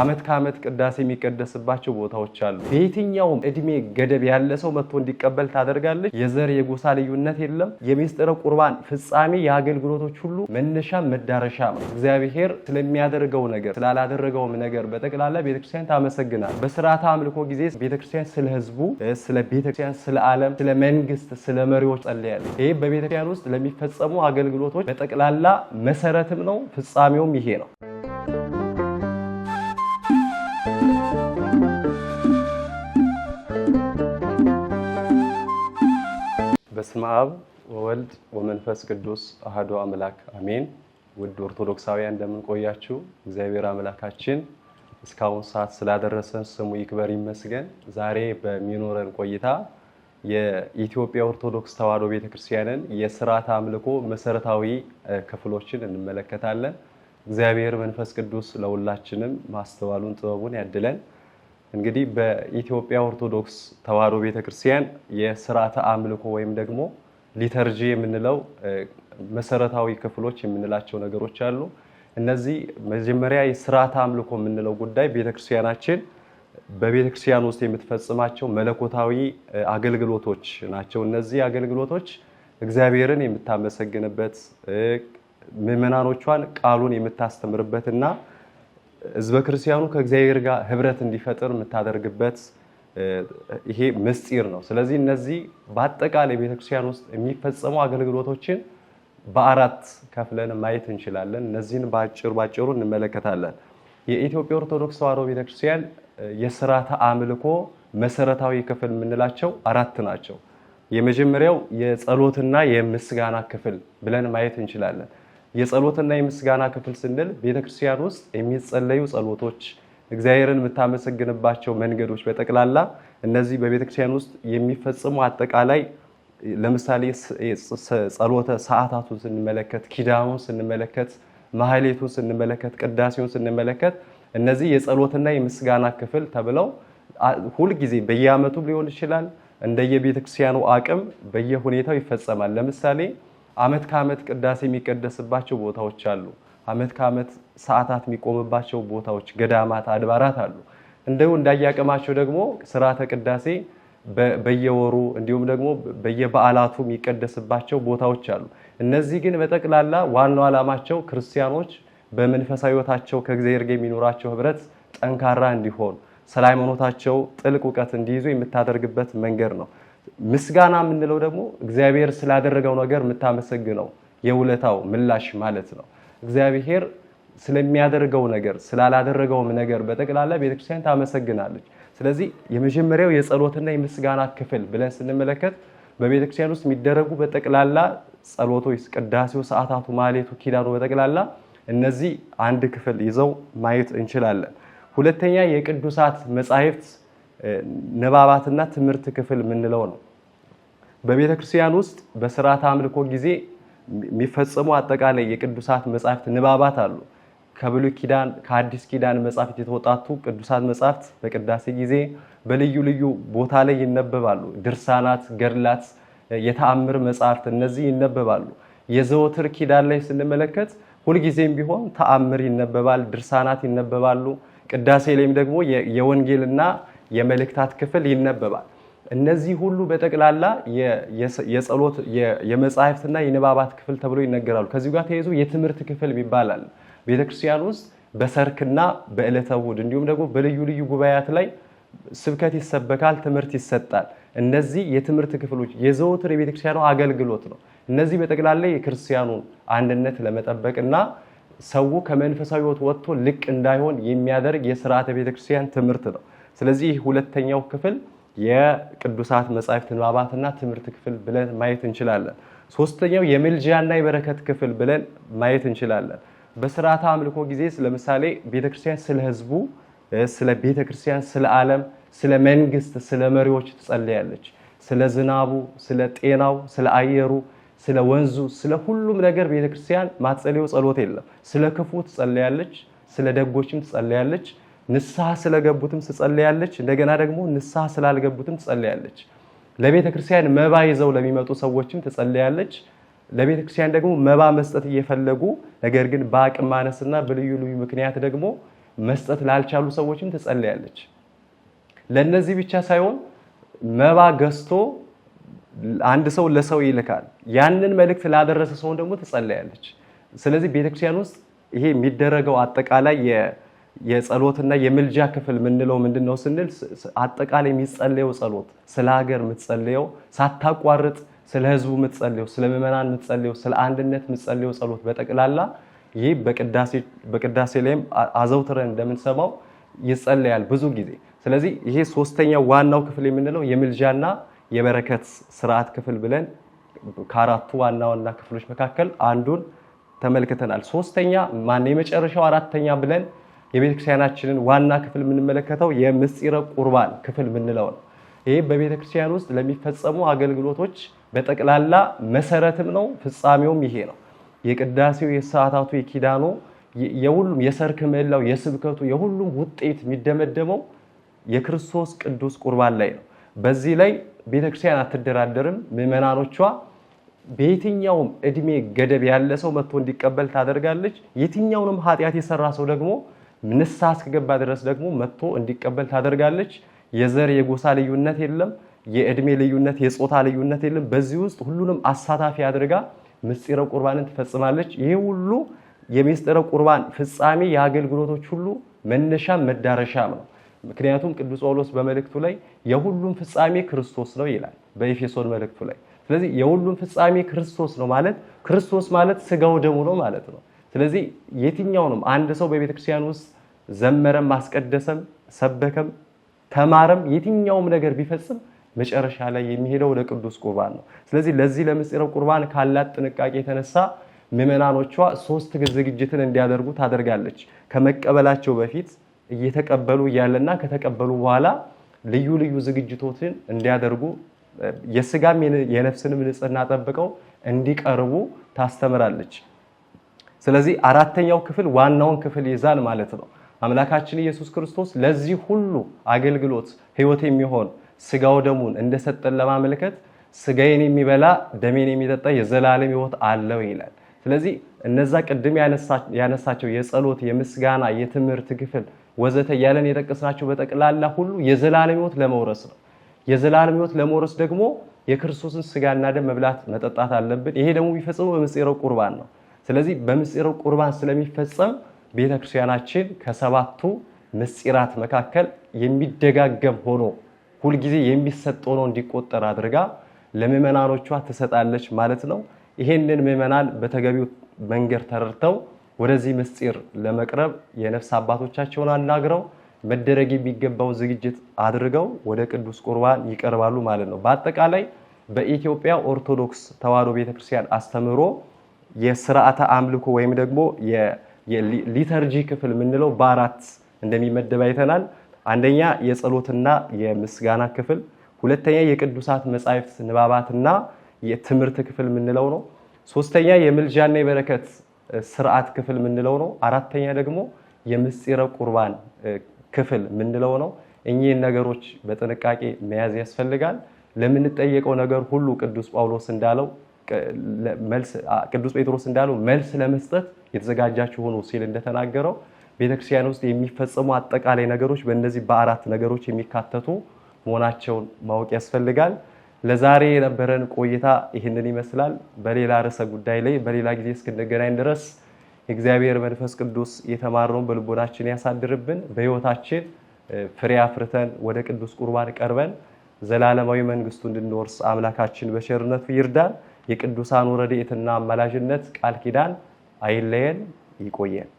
አመት ከአመት ቅዳሴ የሚቀደስባቸው ቦታዎች አሉ። በየትኛውም እድሜ ገደብ ያለ ሰው መጥቶ እንዲቀበል ታደርጋለች። የዘር የጎሳ ልዩነት የለም። የሚስጥረ ቁርባን ፍጻሜ የአገልግሎቶች ሁሉ መነሻ መዳረሻ ነው። እግዚአብሔር ስለሚያደርገው ነገር ስላላደረገውም ነገር በጠቅላላ ቤተክርስቲያን ታመሰግናል። በስርዓተ አምልኮ ጊዜ ቤተክርስቲያን ስለ ህዝቡ፣ ስለ ቤተክርስቲያን፣ ስለ ዓለም፣ ስለ መንግስት፣ ስለ መሪዎች ጸልያል። ይህ በቤተክርስቲያን ውስጥ ለሚፈጸሙ አገልግሎቶች በጠቅላላ መሰረትም ነው፣ ፍጻሜውም ይሄ ነው። በስመ አብ ወወልድ ወመንፈስ ቅዱስ አህዶ አምላክ አሜን። ውድ ኦርቶዶክሳውያን እንደምንቆያችሁ፣ እግዚአብሔር አምላካችን እስካሁን ሰዓት ስላደረሰን ስሙ ይክበር ይመስገን። ዛሬ በሚኖረን ቆይታ የኢትዮጵያ ኦርቶዶክስ ተዋሕዶ ቤተክርስቲያንን የስርዓተ አምልኮ መሰረታዊ ክፍሎችን እንመለከታለን። እግዚአብሔር መንፈስ ቅዱስ ለሁላችንም ማስተዋሉን ጥበቡን ያድለን። እንግዲህ በኢትዮጵያ ኦርቶዶክስ ተዋሕዶ ቤተክርስቲያን የስርዓተ አምልኮ ወይም ደግሞ ሊተርጂ የምንለው መሰረታዊ ክፍሎች የምንላቸው ነገሮች አሉ። እነዚህ መጀመሪያ የስርዓተ አምልኮ የምንለው ጉዳይ ቤተክርስቲያናችን በቤተክርስቲያን ውስጥ የምትፈጽማቸው መለኮታዊ አገልግሎቶች ናቸው። እነዚህ አገልግሎቶች እግዚአብሔርን የምታመሰግንበት ምዕመናኖቿን ቃሉን የምታስተምርበትና ህዝበ ክርስቲያኑ ከእግዚአብሔር ጋር ህብረት እንዲፈጥር የምታደርግበት ይሄ ምስጢር ነው። ስለዚህ እነዚህ በአጠቃላይ ቤተክርስቲያን ውስጥ የሚፈጸሙ አገልግሎቶችን በአራት ከፍለን ማየት እንችላለን። እነዚህን በአጭሩ ባጭሩ እንመለከታለን። የኢትዮጵያ ኦርቶዶክስ ተዋሕዶ ቤተክርስቲያን የስርዓተ አምልኮ መሰረታዊ ክፍል የምንላቸው አራት ናቸው። የመጀመሪያው የጸሎትና የምስጋና ክፍል ብለን ማየት እንችላለን። የጸሎትና የምስጋና ክፍል ስንል ቤተክርስቲያን ውስጥ የሚጸለዩ ጸሎቶች፣ እግዚአብሔርን የምታመሰግንባቸው መንገዶች በጠቅላላ እነዚህ በቤተክርስቲያን ውስጥ የሚፈጽሙ አጠቃላይ ለምሳሌ ጸሎተ ሰዓታቱን ስንመለከት፣ ኪዳኑን ስንመለከት፣ ማህሌቱን ስንመለከት፣ ቅዳሴውን ስንመለከት እነዚህ የጸሎትና የምስጋና ክፍል ተብለው ሁልጊዜ በየዓመቱ ሊሆን ይችላል እንደየቤተክርስቲያኑ አቅም በየሁኔታው ይፈጸማል። ለምሳሌ አመት ከአመት ቅዳሴ የሚቀደስባቸው ቦታዎች አሉ። አመት ከአመት ሰዓታት የሚቆምባቸው ቦታዎች፣ ገዳማት፣ አድባራት አሉ። እንደው እንዳያቀማቸው ደግሞ ስርዓተ ቅዳሴ በየወሩ እንዲሁም ደግሞ በየበዓላቱ የሚቀደስባቸው ቦታዎች አሉ። እነዚህ ግን በጠቅላላ ዋናው ዓላማቸው ክርስቲያኖች በመንፈሳዊ ሕይወታቸው ከእግዚአብሔር ጋር የሚኖራቸው ህብረት ጠንካራ እንዲሆን ስለ ሃይማኖታቸው ጥልቅ እውቀት እንዲይዙ የምታደርግበት መንገድ ነው። ምስጋና የምንለው ደግሞ እግዚአብሔር ስላደረገው ነገር የምታመሰግነው የውለታው ምላሽ ማለት ነው። እግዚአብሔር ስለሚያደርገው ነገር ስላላደረገውም ነገር በጠቅላላ ቤተክርስቲያን ታመሰግናለች። ስለዚህ የመጀመሪያው የጸሎትና የምስጋና ክፍል ብለን ስንመለከት በቤተክርስቲያን ውስጥ የሚደረጉ በጠቅላላ ጸሎቶች፣ ቅዳሴው፣ ሰዓታቱ፣ ማሌቱ ኪዳኑ በጠቅላላ እነዚህ አንድ ክፍል ይዘው ማየት እንችላለን። ሁለተኛ የቅዱሳት መጻሕፍት ንባባትና ትምህርት ክፍል የምንለው ነው። በቤተ ክርስቲያን ውስጥ በስርዓተ አምልኮ ጊዜ የሚፈጸሙ አጠቃላይ የቅዱሳት መጻሕፍት ንባባት አሉ። ከብሉይ ኪዳን ከአዲስ ኪዳን መጻሕፍት የተወጣቱ ቅዱሳት መጻሕፍት በቅዳሴ ጊዜ በልዩ ልዩ ቦታ ላይ ይነበባሉ። ድርሳናት፣ ገድላት፣ የተአምር መጻሕፍት እነዚህ ይነበባሉ። የዘወትር ኪዳን ላይ ስንመለከት ሁልጊዜም ቢሆን ተአምር ይነበባል፣ ድርሳናት ይነበባሉ። ቅዳሴ ላይም ደግሞ የወንጌልና የመልእክታት ክፍል ይነበባል። እነዚህ ሁሉ በጠቅላላ የጸሎት የመጽሐፍትና የንባባት ክፍል ተብሎ ይነገራሉ። ከዚህ ጋር ተያይዞ የትምህርት ክፍል ይባላል። ቤተክርስቲያን ውስጥ በሰርክና በዕለተ እሑድ እንዲሁም ደግሞ በልዩ ልዩ ጉባኤያት ላይ ስብከት ይሰበካል፣ ትምህርት ይሰጣል። እነዚህ የትምህርት ክፍሎች የዘወትር የቤተክርስቲያኑ አገልግሎት ነው። እነዚህ በጠቅላላ የክርስቲያኑን አንድነት ለመጠበቅና ሰው ከመንፈሳዊ ሕይወት ወጥቶ ልቅ እንዳይሆን የሚያደርግ የስርዓተ ቤተክርስቲያን ትምህርት ነው። ስለዚህ ሁለተኛው ክፍል የቅዱሳት መጻሕፍት ንባባትና ትምህርት ክፍል ብለን ማየት እንችላለን። ሶስተኛው የምልጃና የበረከት ክፍል ብለን ማየት እንችላለን። በስርዓተ አምልኮ ጊዜ ለምሳሌ ቤተክርስቲያን ስለ ሕዝቡ፣ ስለ ቤተክርስቲያን፣ ስለ ዓለም፣ ስለ መንግስት፣ ስለ መሪዎች ትጸልያለች። ስለ ዝናቡ፣ ስለ ጤናው፣ ስለ አየሩ፣ ስለ ወንዙ፣ ስለ ሁሉም ነገር ቤተክርስቲያን ማትጸልየው ጸሎት የለም። ስለ ክፉ ትጸልያለች፣ ስለ ደጎችም ትጸልያለች። ንስሐ ስለገቡትም ትጸልያለች። እንደገና ደግሞ ንስሐ ስላልገቡትም ትጸልያለች። ለቤተ ክርስቲያን መባ ይዘው ለሚመጡ ሰዎችም ትጸልያለች። ለቤተ ክርስቲያን ደግሞ መባ መስጠት እየፈለጉ ነገር ግን በአቅም ማነስና በልዩ ልዩ ምክንያት ደግሞ መስጠት ላልቻሉ ሰዎችም ትጸልያለች። ለእነዚህ ብቻ ሳይሆን መባ ገዝቶ አንድ ሰው ለሰው ይልካል። ያንን መልእክት ላደረሰ ሰውን ደግሞ ትጸለያለች። ስለዚህ ቤተክርስቲያን ውስጥ ይሄ የሚደረገው አጠቃላይ የጸሎትና የምልጃ ክፍል የምንለው ምንድን ነው ስንል አጠቃላይ የሚጸለየው ጸሎት ስለ ሀገር የምትጸለየው ሳታቋርጥ ስለ ህዝቡ የምትጸለየው፣ ስለ ምዕመናን የምትጸለየው፣ ስለ አንድነት የምትጸለየው ጸሎት በጠቅላላ ይህ በቅዳሴ ላይም አዘውትረን እንደምንሰማው ይጸለያል ብዙ ጊዜ። ስለዚህ ይሄ ሶስተኛ ዋናው ክፍል የምንለው የምልጃና የበረከት ስርዓት ክፍል ብለን ከአራቱ ዋና ዋና ክፍሎች መካከል አንዱን ተመልክተናል። ሶስተኛ ማነው የመጨረሻው አራተኛ ብለን የቤተክርስቲያናችንን ዋና ክፍል የምንመለከተው የምስጢረ ቁርባን ክፍል የምንለው ነው። ይህ በቤተክርስቲያን ውስጥ ለሚፈጸሙ አገልግሎቶች በጠቅላላ መሰረትም ነው፣ ፍጻሜውም ይሄ ነው። የቅዳሴው፣ የሰዓታቱ፣ የኪዳኑ፣ የሁሉም የሰርክ ምህላው፣ የስብከቱ፣ የሁሉም ውጤት የሚደመደመው የክርስቶስ ቅዱስ ቁርባን ላይ ነው። በዚህ ላይ ቤተክርስቲያን አትደራደርም። ምዕመናኖቿ በየትኛውም እድሜ ገደብ ያለ ሰው መጥቶ እንዲቀበል ታደርጋለች። የትኛውንም ኃጢአት የሰራ ሰው ደግሞ ንስሐ እስከገባ ድረስ ደግሞ መጥቶ እንዲቀበል ታደርጋለች። የዘር የጎሳ ልዩነት የለም፣ የእድሜ ልዩነት፣ የጾታ ልዩነት የለም። በዚህ ውስጥ ሁሉንም አሳታፊ አድርጋ ምስጢረ ቁርባንን ትፈጽማለች። ይህ ሁሉ የምስጢረ ቁርባን ፍጻሜ የአገልግሎቶች ሁሉ መነሻም መዳረሻም ነው። ምክንያቱም ቅዱስ ጳውሎስ በመልእክቱ ላይ የሁሉም ፍጻሜ ክርስቶስ ነው ይላል በኤፌሶን መልእክቱ ላይ። ስለዚህ የሁሉም ፍጻሜ ክርስቶስ ነው ማለት ክርስቶስ ማለት ስጋው ደሙ ነው ማለት ነው። ስለዚህ የትኛውንም አንድ ሰው በቤተክርስቲያን ውስጥ ዘመረም፣ አስቀደሰም፣ ሰበከም፣ ተማረም የትኛውም ነገር ቢፈጽም መጨረሻ ላይ የሚሄደው ለቅዱስ ቁርባን ነው። ስለዚህ ለዚህ ለምስጢረ ቁርባን ካላት ጥንቃቄ የተነሳ ምዕመናኖቿ ሶስት ዝግጅትን እንዲያደርጉ ታደርጋለች። ከመቀበላቸው በፊት እየተቀበሉ እያለና ከተቀበሉ በኋላ ልዩ ልዩ ዝግጅቶችን እንዲያደርጉ የስጋም የነፍስንም ንጽህና ጠብቀው እንዲቀርቡ ታስተምራለች። ስለዚህ አራተኛው ክፍል ዋናውን ክፍል ይዛል ማለት ነው። አምላካችን ኢየሱስ ክርስቶስ ለዚህ ሁሉ አገልግሎት ህይወት የሚሆን ስጋው ደሙን እንደሰጠን ለማመልከት ስጋዬን የሚበላ ደሜን የሚጠጣ የዘላለም ህይወት አለው ይላል። ስለዚህ እነዛ ቅድም ያነሳቸው የጸሎት፣ የምስጋና፣ የትምህርት ክፍል ወዘተ እያለን የጠቀስናቸው በጠቅላላ ሁሉ የዘላለም ህይወት ለመውረስ ነው። የዘላለም ህይወት ለመውረስ ደግሞ የክርስቶስን ስጋና ደም መብላት መጠጣት አለብን። ይሄ ደግሞ የሚፈጸመው በምስጢረው ቁርባን ነው። ስለዚህ በምስጢረው ቁርባን ስለሚፈጸም ቤተ ክርስቲያናችን ከሰባቱ ምስጢራት መካከል የሚደጋገም ሆኖ ሁልጊዜ የሚሰጥ ሆኖ እንዲቆጠር አድርጋ ለምዕመናኖቿ ትሰጣለች ማለት ነው። ይሄንን ምዕመናን በተገቢው መንገድ ተረድተው ወደዚህ ምስጢር ለመቅረብ የነፍስ አባቶቻቸውን አናግረው መደረግ የሚገባው ዝግጅት አድርገው ወደ ቅዱስ ቁርባን ይቀርባሉ ማለት ነው። በአጠቃላይ በኢትዮጵያ ኦርቶዶክስ ተዋሕዶ ቤተክርስቲያን አስተምህሮ የስርዓተ አምልኮ ወይም ደግሞ የሊተርጂ ክፍል የምንለው በአራት እንደሚመደብ አይተናል። አንደኛ የጸሎትና የምስጋና ክፍል፣ ሁለተኛ የቅዱሳት መጻሕፍት ንባባትና የትምህርት ክፍል የምንለው ነው። ሶስተኛ የምልጃና የበረከት ስርዓት ክፍል የምንለው ነው። አራተኛ ደግሞ የምስጢረ ቁርባን ክፍል የምንለው ነው። እኚህን ነገሮች በጥንቃቄ መያዝ ያስፈልጋል። ለምንጠየቀው ነገር ሁሉ ቅዱስ ጳውሎስ እንዳለው ቅዱስ ጴጥሮስ እንዳለው መልስ ለመስጠት የተዘጋጃችሁ ሆኖ ሲል እንደተናገረው ቤተክርስቲያን ውስጥ የሚፈጸሙ አጠቃላይ ነገሮች በእነዚህ በአራት ነገሮች የሚካተቱ መሆናቸውን ማወቅ ያስፈልጋል። ለዛሬ የነበረን ቆይታ ይህንን ይመስላል። በሌላ ርዕሰ ጉዳይ ላይ በሌላ ጊዜ እስክንገናኝ ድረስ የእግዚአብሔር መንፈስ ቅዱስ የተማርነውን በልቦናችን ያሳድርብን። በሕይወታችን ፍሬ አፍርተን ወደ ቅዱስ ቁርባን ቀርበን ዘላለማዊ መንግስቱ እንድንወርስ አምላካችን በቸርነቱ ይርዳን። የቅዱሳኑ ረድኤትና አማላጅነት ቃል ኪዳን አይለየን። ይቆየን።